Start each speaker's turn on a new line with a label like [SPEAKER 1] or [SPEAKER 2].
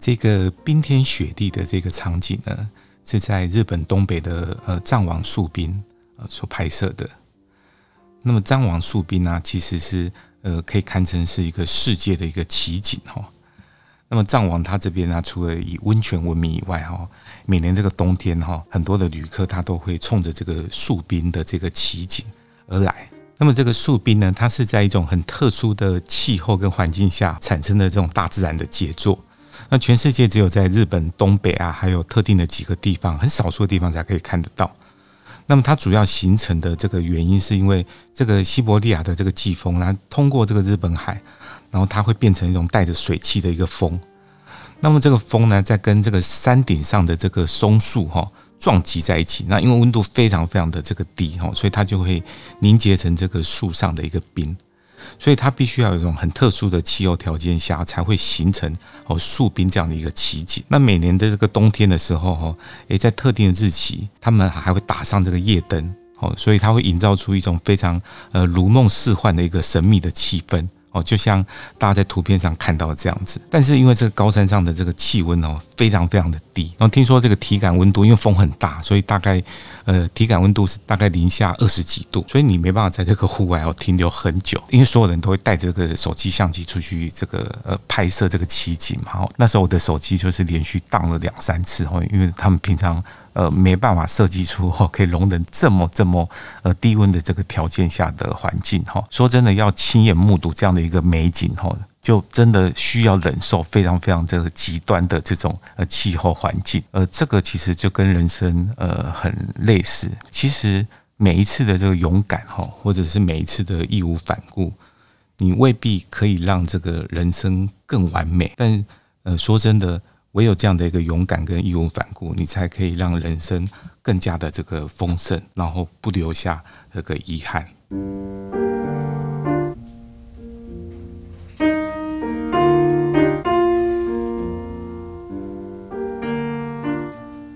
[SPEAKER 1] 這個冰天雪地的這個場景呢，是在日本東北的呃藏王樹冰呃所拍攝的。那麼藏王樹冰呢、啊，其實是呃可以堪稱是一個世界的一個奇景哦。那麼藏王它這邊呢、啊，除了以溫泉聞名以外哈、哦，每年這個冬天哈、哦，很多的旅客他都會衝着這個樹冰的這個奇景而來。那麼這個樹冰呢，它是在一種很特殊的氣候跟環境下產生的這種大自然的傑作。那全世界只有在日本東北啊，還有特定的幾個地方，很少數的地方才可以看得到。那麼它主要形成的這個原因，是因為這個西伯利亞的這個季風，然後通過這個日本海，然後它會變成一種帶着水汽的一個風。那麼這個風呢，在跟這個山頂上的這個松樹哈、哦、撞擊在一起，那因為溫度非常非常的這個低哈，所以它就會凝結成這個樹上的一個冰。所以它必須要有一種很特殊的氣候條件下才會形成哦，樹冰這樣的一個奇景。那每年的這個冬天的時候，哈，誒，在特定的日期，他們還會打上這個夜燈，哦，所以它會營造出一種非常呃如夢似幻的一個神秘的氣氛。就像大家在圖片上看到的這樣子，但是因為這個高山上的這個氣溫哦，非常非常的低，然後聽說這個體感溫度，因為風很大，所以大概呃體感溫度是大概零下二十幾度，所以你沒辦法在這個戶外哦停留很久，因為所有人都會帶着個手機相機出去這個呃拍攝這個奇景嘛。那時候我的手機就是連續當了兩三次，哦，因為他們平常。呃，沒辦法設計出可以容忍這麼這麼呃低溫的這個條件下的環境哈。說真的，要親眼目睹這樣的一個美景哈，就真的需要忍受非常非常這個極端的這種呃氣候環境。呃，這個其實就跟人生呃很類似。其實每一次的這個勇敢哈，或者是每一次的義無反顧，你未必可以讓這個人生更完美。但呃，說真的。唯有這樣的一個勇敢跟義無反顧，你才可以讓人生更加的這個豐盛，然後不留下這個遺憾。